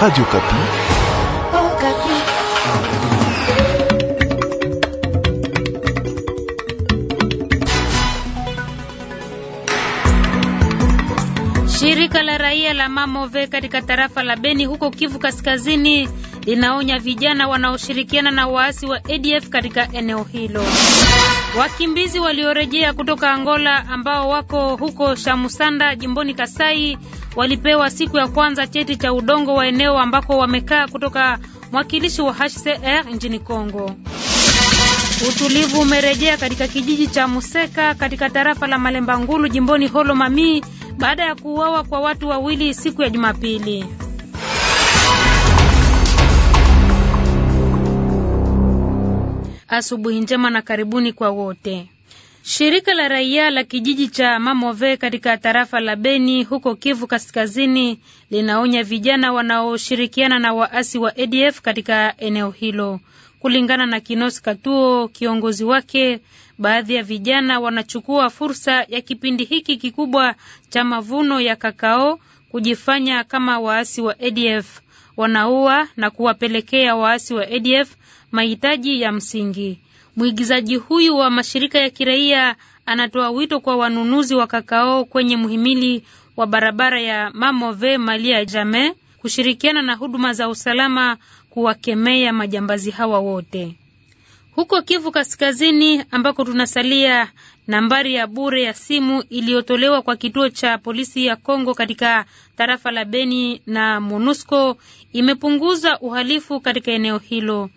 Radio Kapi. Oh, Kapi. Shirika la raia la Mamove katika tarafa la Beni huko Kivu Kaskazini linaonya vijana wanaoshirikiana na waasi wa ADF katika eneo hilo. Wakimbizi waliorejea kutoka Angola ambao wako huko Shamusanda jimboni Kasai walipewa siku ya kwanza cheti cha udongo wa eneo ambako wamekaa kutoka mwakilishi wa HCR nchini Kongo. Utulivu umerejea katika kijiji cha Museka katika tarafa la Malemba Ngulu jimboni Holo Mami baada ya kuuawa kwa watu wawili siku ya Jumapili. Asubuhi njema na karibuni kwa wote. Shirika la raia la kijiji cha Mamove katika tarafa la Beni huko Kivu Kaskazini linaonya vijana wanaoshirikiana na waasi wa ADF katika eneo hilo. Kulingana na Kinos Katuo, kiongozi wake, baadhi ya vijana wanachukua fursa ya kipindi hiki kikubwa cha mavuno ya kakao kujifanya kama waasi wa ADF. Wanaua na kuwapelekea waasi wa ADF mahitaji ya msingi. Mwigizaji huyu wa mashirika ya kiraia anatoa wito kwa wanunuzi wa kakao kwenye mhimili wa barabara ya Mamove Malia Jame kushirikiana na huduma za usalama kuwakemea majambazi hawa wote. Huko Kivu Kaskazini ambako tunasalia, nambari ya bure ya simu iliyotolewa kwa kituo cha polisi ya Kongo katika tarafa la Beni na MONUSCO imepunguza uhalifu katika eneo hilo.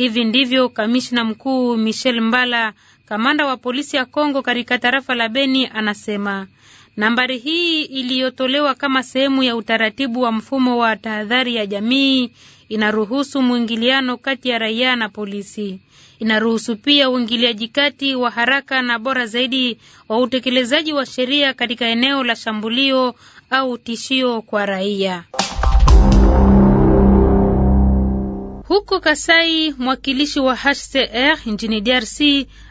Hivi ndivyo kamishna mkuu Michel Mbala, kamanda wa polisi ya Kongo katika tarafa la Beni, anasema. Nambari hii iliyotolewa kama sehemu ya utaratibu wa mfumo wa tahadhari ya jamii inaruhusu mwingiliano kati ya raia na polisi. Inaruhusu pia uingiliaji kati wa haraka na bora zaidi wa utekelezaji wa sheria katika eneo la shambulio au tishio kwa raia. Huko Kasai, mwakilishi wa HCR nchini DRC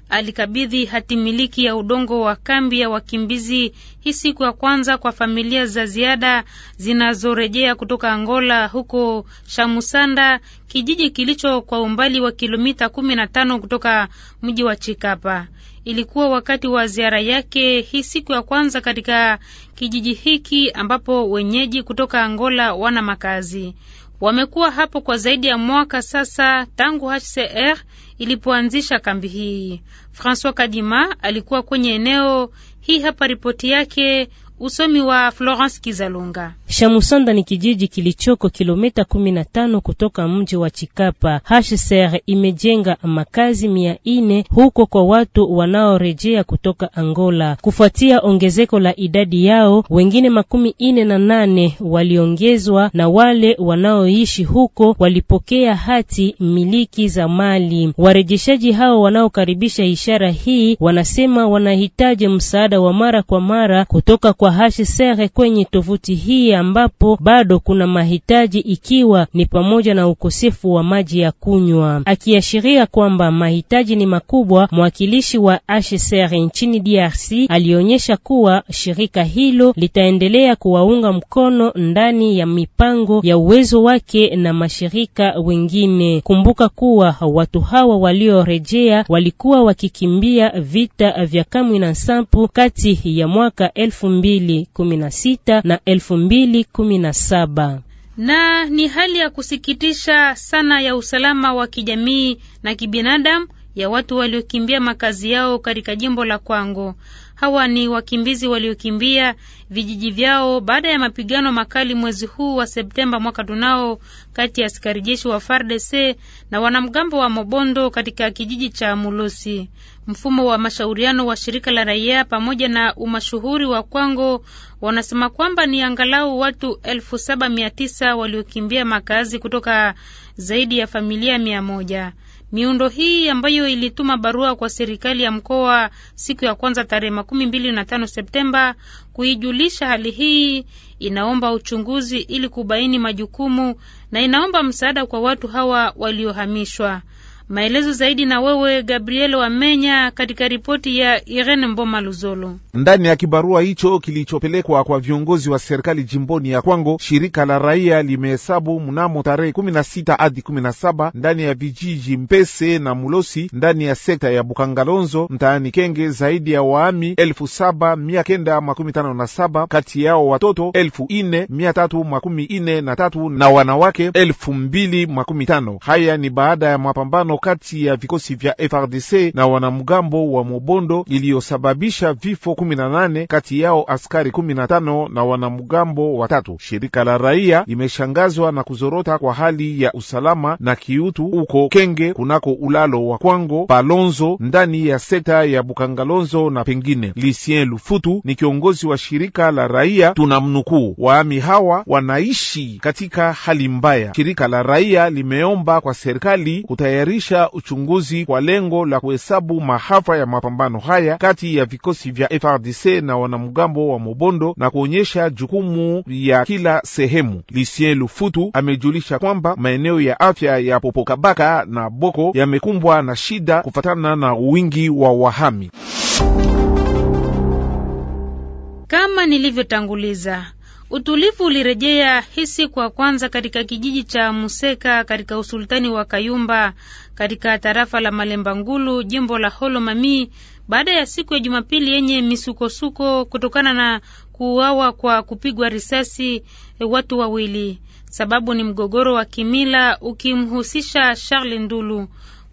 alikabidhi hati miliki ya udongo wa kambi ya wakimbizi hii siku ya kwanza kwa familia za ziada zinazorejea kutoka Angola, huko Shamusanda, kijiji kilicho kwa umbali wa kilomita 15 kutoka mji wa Chikapa. Ilikuwa wakati wa ziara yake hii siku ya kwanza katika kijiji hiki ambapo wenyeji kutoka Angola wana makazi. Wamekuwa hapo kwa zaidi ya mwaka sasa tangu HCR ilipoanzisha kambi hii. Francois Kadima alikuwa kwenye eneo hii, hapa ripoti yake. Usomi wa Florence Kizalunga. Shamusanda ni kijiji kilichoko kilomita 15 kutoka mji wa Chikapa. HCR imejenga makazi mia ine huko kwa watu wanaorejea kutoka Angola kufuatia ongezeko la idadi yao. Wengine makumi ine na nane waliongezwa na wale wanaoishi huko walipokea hati miliki za mali. Warejeshaji hao wanaokaribisha ishara hii wanasema wanahitaji msaada wa mara kwa mara kutoka kwa wa sere kwenye tovuti hii, ambapo bado kuna mahitaji ikiwa ni pamoja na ukosefu wa maji ya kunywa. Akiashiria kwamba mahitaji ni makubwa, mwakilishi wa HCR nchini DRC alionyesha kuwa shirika hilo litaendelea kuwaunga mkono ndani ya mipango ya uwezo wake na mashirika wengine. Kumbuka kuwa watu hawa waliorejea walikuwa wakikimbia vita vya Kamwina Nsapu kati ya mwaka elfu mbili 2016 na 2017. Na ni hali ya kusikitisha sana ya usalama wa kijamii na kibinadamu ya watu waliokimbia makazi yao katika jimbo la Kwango. Hawa ni wakimbizi waliokimbia vijiji vyao baada ya mapigano makali mwezi huu wa Septemba mwaka tunao kati ya askari jeshi wa FARDC na wanamgambo wa Mobondo katika kijiji cha mulusi mfumo wa mashauriano wa shirika la raia pamoja na umashuhuri wa Kwango wanasema kwamba ni angalau watu elfu saba mia tisa waliokimbia makazi kutoka zaidi ya familia mia moja. Miundo hii ambayo ilituma barua kwa serikali ya mkoa siku ya kwanza tarehe makumi mbili na tano Septemba kuijulisha hali hii, inaomba uchunguzi ili kubaini majukumu na inaomba msaada kwa watu hawa waliohamishwa. Maelezo zaidi na wewe Gabriel Wamenya katika ripoti ya Irene Mboma Luzolo. Ndani ya kibarua hicho kilichopelekwa kwa viongozi wa serikali jimboni ya Kwango, shirika la raia limehesabu mnamo tarehe 16 hadi 17 ndani ya vijiji Mpese na Mulosi ndani ya sekta ya Bukangalonzo mtaani Kenge zaidi ya waami 7957 kati yao watoto 4343 na wanawake 2015. Haya ni baada ya mapambano kati ya vikosi vya FRDC na wanamgambo wa Mobondo iliyosababisha vifo 18 kati yao askari 15 na wanamgambo watatu. Shirika la raia limeshangazwa na kuzorota kwa hali ya usalama na kiutu huko Kenge, kunako ulalo wa Kwango Palonzo, ndani ya sekta ya Bukangalonzo na pengine. Lisien Lufutu ni kiongozi wa shirika la raia, tunamnukuu: waami hawa wanaishi katika hali mbaya. Shirika la raia limeomba kwa serikali kutayarisha kuanzisha uchunguzi kwa lengo la kuhesabu mahafa ya mapambano haya kati ya vikosi vya frdc na wanamgambo wa Mobondo na kuonyesha jukumu ya kila sehemu. Lisien Lufutu amejulisha kwamba maeneo ya afya ya Popokabaka na Boko yamekumbwa na shida kufatana na wingi wa wahami. Kama nilivyotanguliza Utulivu ulirejea hisi kwa kwanza katika kijiji cha Museka katika usultani wa Kayumba katika tarafa la Malemba Ngulu, jimbo la Holo Mami, baada ya siku ya Jumapili yenye misukosuko kutokana na kuuawa kwa kupigwa risasi watu wawili. Sababu ni mgogoro wa kimila ukimhusisha Charles Ndulu.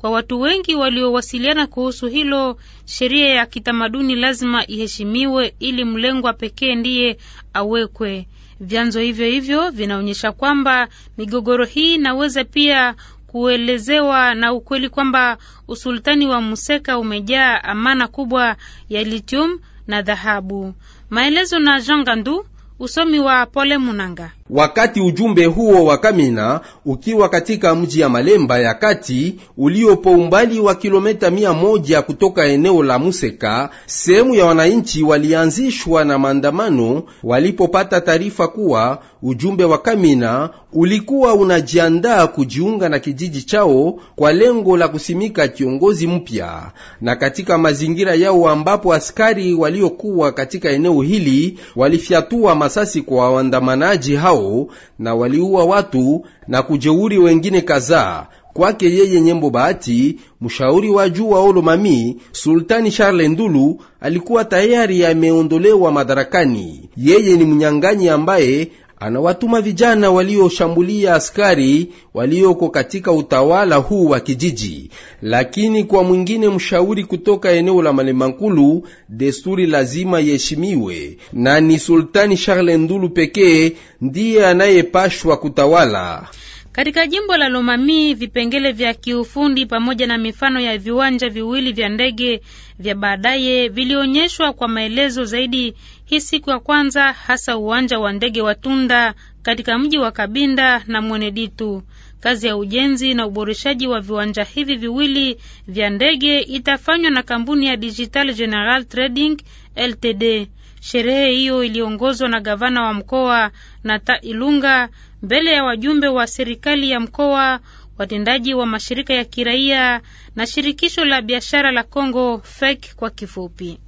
Kwa watu wengi waliowasiliana kuhusu hilo, sheria ya kitamaduni lazima iheshimiwe ili mlengwa pekee ndiye awekwe. Vyanzo hivyo hivyo vinaonyesha kwamba migogoro hii inaweza pia kuelezewa na ukweli kwamba usultani wa Museka umejaa amana kubwa ya litium na dhahabu. Maelezo na Jean Gandu Usomi wa Pole Munanga. Wakati ujumbe huo wa Kamina ukiwa katika mji ya Malemba ya kati uliopo umbali wa kilometa mia moja kutoka eneo la Museka, sehemu ya wananchi walianzishwa na maandamano walipopata taarifa kuwa Ujumbe wa Kamina ulikuwa unajiandaa kujiunga na kijiji chao kwa lengo la kusimika kiongozi mpya, na katika mazingira yao ambapo askari waliokuwa katika eneo hili walifyatua masasi kwa waandamanaji hao na waliua watu na kujeuri wengine kadhaa. Kwake yeye Nyembo Bahati, mshauri wa juu wa Olomami, Sultani Charles Ndulu alikuwa tayari ameondolewa madarakani. Yeye ni mnyang'anyi ambaye anawatuma vijana walioshambulia askari walioko katika utawala huu wa kijiji. Lakini kwa mwingine mshauri kutoka eneo la Malemankulu, desturi lazima iheshimiwe, na ni Sultani Charles Ndulu pekee ndiye anayepashwa kutawala. Katika jimbo la Lomami vipengele vya kiufundi pamoja na mifano ya viwanja viwili vya ndege vya baadaye vilionyeshwa kwa maelezo zaidi hii siku ya kwanza hasa uwanja wa ndege wa Tunda katika mji wa Kabinda na Mweneditu. Kazi ya ujenzi na uboreshaji wa viwanja hivi viwili vya ndege itafanywa na kampuni ya Digital General Trading Ltd. Sherehe hiyo iliongozwa na gavana wa mkoa na ta Ilunga mbele ya wajumbe wa serikali ya mkoa, watendaji wa mashirika ya kiraia na shirikisho la biashara la congo FEC kwa kifupi.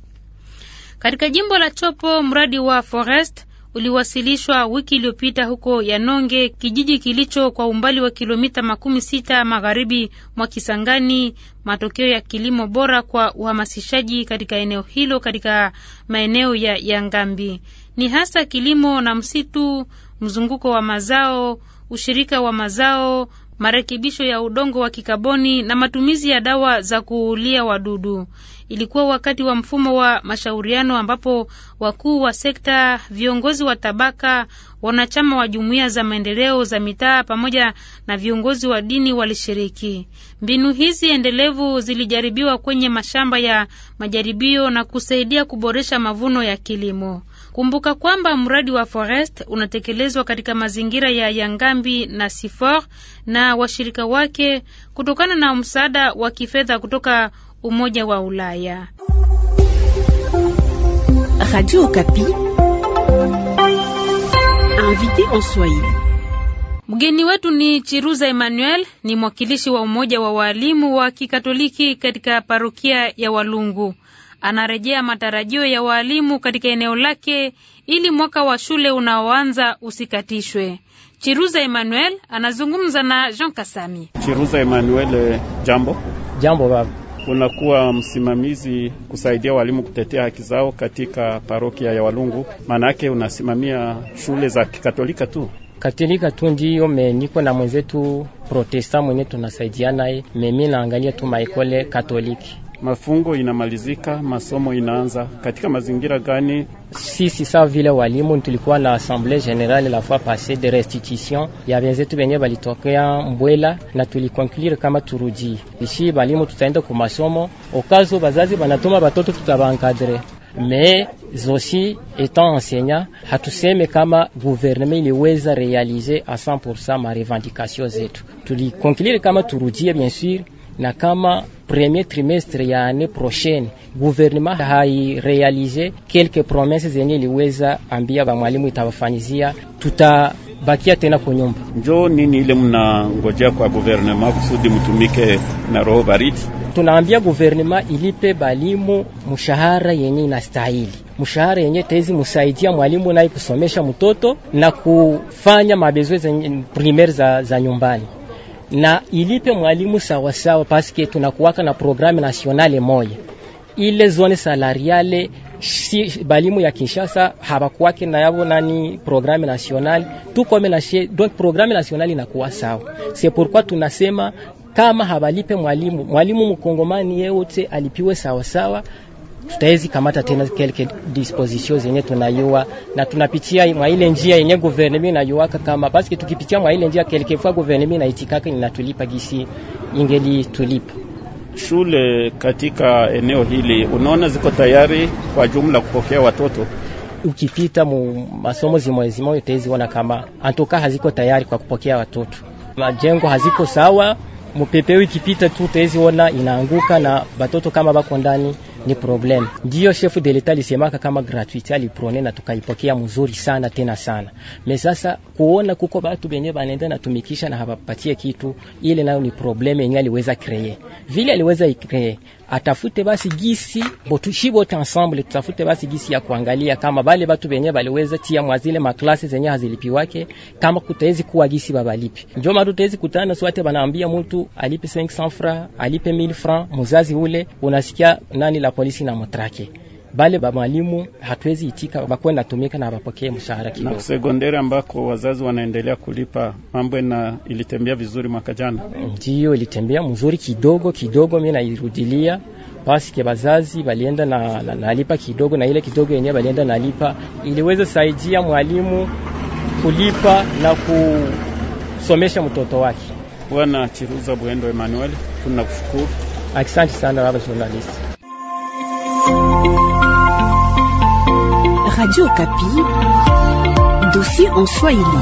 Katika jimbo la Chopo, mradi wa Forest uliwasilishwa wiki iliyopita huko Yanonge, kijiji kilicho kwa umbali wa kilomita makumi sita magharibi mwa Kisangani, matokeo ya kilimo bora kwa uhamasishaji katika eneo hilo katika maeneo ya Yangambi ni hasa kilimo na msitu, mzunguko wa mazao, ushirika wa mazao, marekebisho ya udongo wa kikaboni na matumizi ya dawa za kuulia wadudu. Ilikuwa wakati wa mfumo wa mashauriano ambapo wakuu wa sekta, viongozi wa tabaka, wanachama wa jumuiya za maendeleo za mitaa pamoja na viongozi wa dini walishiriki. Mbinu hizi endelevu zilijaribiwa kwenye mashamba ya majaribio na kusaidia kuboresha mavuno ya kilimo. Kumbuka kwamba mradi wa Forest unatekelezwa katika mazingira ya Yangambi na Sifor na washirika wake kutokana na msaada wa kifedha kutoka Umoja wa Ulaya. Radio Okapi. Mgeni wetu ni Chiruza Emmanuel, ni mwakilishi wa Umoja wa Waalimu wa Kikatoliki katika parokia ya Walungu anarejea matarajio ya waalimu katika eneo lake ili mwaka wa shule unaoanza usikatishwe. Chiruza Emmanuel anazungumza na Jean Kasami. Chiruza Emmanuel, eh, jambo. Jambo baba. Unakuwa msimamizi kusaidia walimu kutetea haki zao katika parokia ya Walungu, maana yake unasimamia shule za kikatolika tu? Katolika tu ndio me, niko na mwenzetu protesta mwenye tunasaidiana memi mimi naangalia tu maekole katoliki mafungo inamalizika, masomo inaanza. Katika mazingira gani? Sisi sa vile walimu tulikuwa na assemble generale la fois passée de restitution ya wenzetu benye balitokea Mbwela, na tulikonclure kama turudi ishi balimu, tutaenda ku masomo, okazo bazazi banatuma batoto tutabankadre me zosi etant enseignant hatuseme kama gouvernement iliweza realize a 100% ma revendication zetu. Tulikonclure kama turudie bien sûr na kama premier trimestre ya ane prochaine guvernema hairealize kelke promese zenye iliweza ambia ba mwalimu tutabakia tena kwa nyumba. Njo nini ile mnangojea kwa guvernema kusudi mtumike na roho baridi? Tunaambia guvernema ilipe balimu mshahara yenye inastahili, mshahara yenye tezi musaidia mwalimu naye kusomesha mtoto na kufanya mabezwe primaire za, za nyumbani na ilipe mwalimu sawasawa, paske tunakuwaka na programe nasionale moya ile zone salariale si balimu ya Kinshasa habakuwake na yabo nani programme nationale tukome comme na she donc programme nationale inakuwa sawa. C'est pourquoi tunasema kama habalipe mwalimu mwalimu mkongomani yeyote alipiwe sawasawa sawa tutaezi kamata tena kelke disposition zenye tunayua na tunapitia mwa ile njia yenye gouvernement inayuaka kama basi, tukipitia mwa ile njia kelkefua guverneme inaitikaka inatulipa gisi ingeli tulipa. Shule katika eneo hili unaona ziko tayari kwa jumla kupokea watoto. Ukipita mu masomo zimoezimoyo utawezi ona kama antoka haziko tayari kwa kupokea watoto, majengo haziko sawa. Mupepeo ikipita tu utawezi ona inaanguka na batoto kama bako ndani ni problem. Ndio chef de l'etat alisemaka kama gratuite aliprone na tukaipokea mzuri sana tena sana. Me sasa kuona kuko watu benye wanaenda na tumikisha na habapatie kitu, ile nayo ni problem yenye aliweza kreye vile aliweza ikreye atafute basi gisi botushibote ensemble tutafute basi gisi ya kuangalia kama bale batu benye baliweza tia mwazile maklasi zenye hazilipi wake, kama kutaezi kuwa gisi babalipi njoma, tutawezi kutana swate banaambia mtu alipe 500 francs alipe 1000 francs, muzazi ule unasikia nani la polisi na mutrake bale ba mwalimu hatuwezi itika bakuwe natumika na bapokee mshahara kidogo. Na sekondari ambako wazazi wanaendelea kulipa mambo, na ilitembea vizuri mwaka jana, ndio ilitembea mzuri kidogo kidogo, mimi nairudilia paske bazazi balienda na, na, nalipa kidogo na ile kidogo yenyewe balienda nalipa iliweza saidia mwalimu kulipa na kusomesha mtoto wake. Bwana Chiruza Bwendo Emmanuel, tunakushukuru. Asante sana baba journalist. thank you Radio Okapi, dossier en Swahili.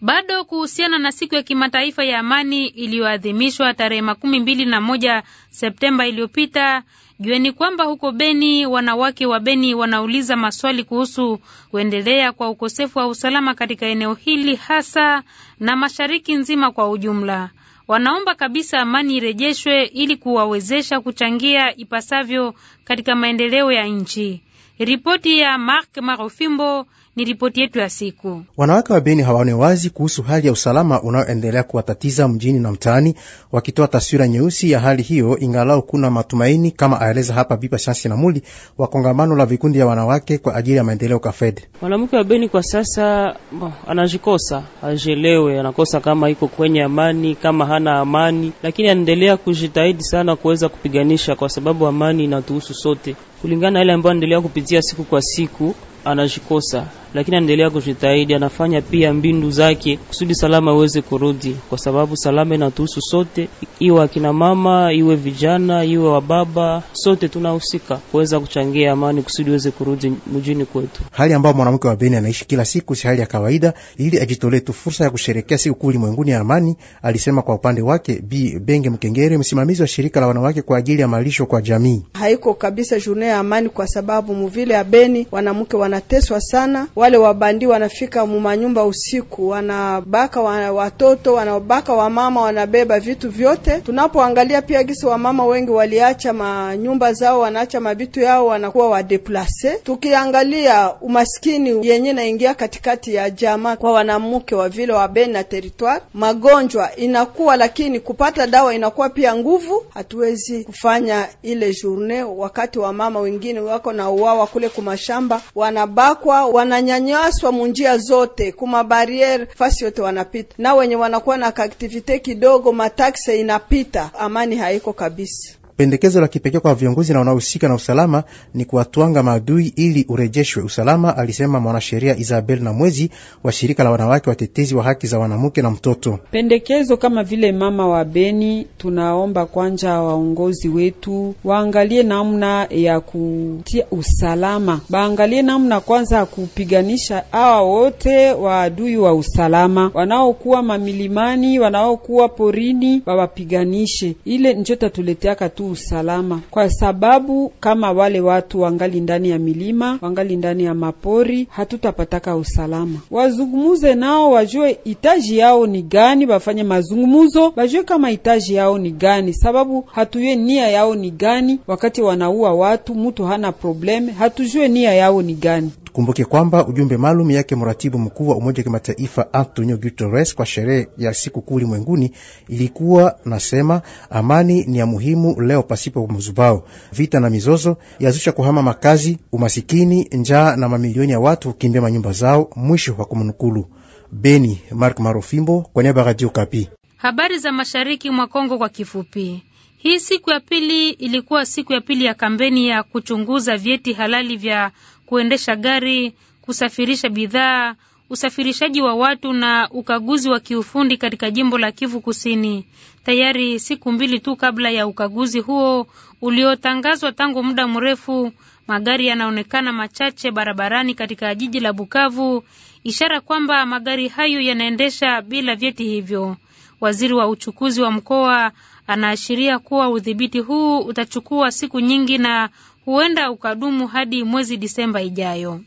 Bado kuhusiana na siku ya kimataifa ya amani iliyoadhimishwa tarehe makumi mbili na moja Septemba iliyopita, jueni kwamba huko Beni wanawake wa Beni wanauliza maswali kuhusu kuendelea kwa ukosefu wa usalama katika eneo hili hasa na mashariki nzima kwa ujumla. Wanaomba kabisa amani irejeshwe ili kuwawezesha kuchangia ipasavyo katika maendeleo ya nchi. Ripoti ya Mark Marofimbo ni ripoti yetu ya siku. Wanawake wa Beni hawaone wazi kuhusu hali ya usalama unaoendelea kuwatatiza mjini na mtaani, wakitoa taswira nyeusi ya hali hiyo, ingalau kuna matumaini, kama aeleza hapa Bipa Shansi na Muli wa kongamano la vikundi ya wanawake kwa ajili ya maendeleo KAFED. Mwanamke wa Beni kwa sasa bo, anajikosa ajelewe, anakosa kama iko kwenye amani, kama hana amani, lakini anaendelea kujitahidi sana kuweza kupiganisha, kwa sababu amani inatuhusu sote kulingana na ile ambayo anaendelea kupitia siku kwa siku anajikosa lakini anaendelea kujitahidi, anafanya pia mbindu zake kusudi salama aweze kurudi, kwa sababu salama inatuhusu sote, iwe akina mama, iwe vijana, iwe wababa, sote tunahusika kuweza kuchangia amani kusudi iweze kurudi mjini kwetu. Hali ambayo mwanamke wa Beni anaishi kila siku si hali ya kawaida, ili ajitolee tu fursa ya kusherekea kuu ulimwenguni ya amani, alisema kwa upande wake b Benge Mkengere, msimamizi wa shirika la wanawake kwa ajili ya malisho kwa jamii. Haiko kabisa jurne ya amani, kwa sababu muvile ya Beni wanamke wanateswa sana wale wabandi wanafika mumanyumba usiku, wanabaka wana watoto, wanabaka wamama, wanabeba vitu vyote. Tunapoangalia pia gisi wamama wengi waliacha manyumba zao, wanaacha mabitu yao, wanakuwa wadeplase. Tukiangalia umaskini yenye naingia katikati ya jamaa kwa wanamke wa vile wabeni na territoire, magonjwa inakuwa, lakini kupata dawa inakuwa pia nguvu. Hatuwezi kufanya ile journée wakati wamama wengine wako na uwawa kule kumashamba, wanabakwa wana wananyanyaswa munjia zote kuma bariere fasi yote wanapita, na wenye wanakuwa na kaaktivite kidogo matakse inapita, amani haiko kabisa. Pendekezo la kipekee kwa viongozi na wanaohusika na usalama ni kuwatwanga maadui ili urejeshwe usalama, alisema mwanasheria Isabel na Mwezi wa shirika la wanawake watetezi wa haki za wanamke na mtoto. Pendekezo kama vile mama wa Beni, tunaomba kwanja waongozi wetu waangalie namna ya kutia usalama, baangalie namna kwanza ya kupiganisha hawa wote waadui wa usalama wanaokuwa mamilimani, wanaokuwa porini, wawapiganishe. Ile njo tatuleteaka tu usalama, kwa sababu kama wale watu wangali ndani ya milima, wangali ndani ya mapori, hatutapataka usalama. Wazungumuze nao wajue hitaji yao ni gani, wafanye mazungumuzo wajue kama hitaji yao ni gani, sababu hatujue nia yao ni gani. Wakati wanaua watu, mtu hana probleme, hatujue nia yao ni gani. Kumbuke kwamba ujumbe maalum yake mratibu mkuu wa Umoja wa Kimataifa Antonio Guterres kwa sherehe ya sikukuu ulimwenguni ilikuwa nasema, amani ni ya muhimu leo pasipo mzubao. Vita na mizozo yazusha kuhama makazi, umasikini, njaa na mamilioni ya watu kukimbia manyumba zao. Mwisho wa kumnukulu. Beni, Mark Marofimbo kwa niaba ya Radio Kapi. Habari za mashariki mwa Kongo kwa kifupi. Hii siku ya pili ilikuwa siku ya pili ya kampeni ya kuchunguza vyeti halali vya kuendesha gari, kusafirisha bidhaa, usafirishaji wa watu na ukaguzi wa kiufundi katika jimbo la Kivu Kusini. Tayari siku mbili tu kabla ya ukaguzi huo uliotangazwa tangu muda mrefu, magari yanaonekana machache barabarani katika jiji la Bukavu, ishara kwamba magari hayo yanaendesha bila vyeti hivyo. Waziri wa uchukuzi wa mkoa anaashiria kuwa udhibiti huu utachukua siku nyingi na huenda ukadumu hadi mwezi Disemba ijayo.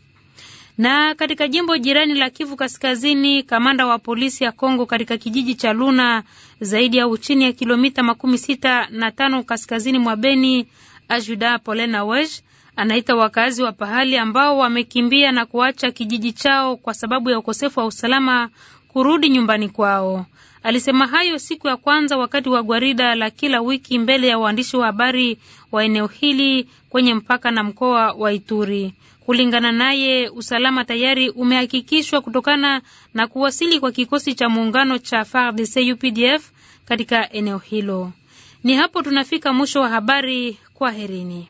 Na katika jimbo jirani la Kivu Kaskazini, kamanda wa polisi ya Kongo katika kijiji cha Luna, zaidi ya chini ya kilomita makumi sita na tano kaskazini mwa Beni, Ajuda Polena Wej anaita wakazi wa pahali ambao wamekimbia na kuacha kijiji chao kwa sababu ya ukosefu wa usalama kurudi nyumbani kwao. Alisema hayo siku ya kwanza wakati wa gwarida la kila wiki mbele ya waandishi wa habari wa eneo hili kwenye mpaka na mkoa wa Ituri. Kulingana naye, usalama tayari umehakikishwa kutokana na kuwasili kwa kikosi cha muungano cha FARDC UPDF katika eneo hilo. Ni hapo tunafika mwisho wa habari. Kwaherini.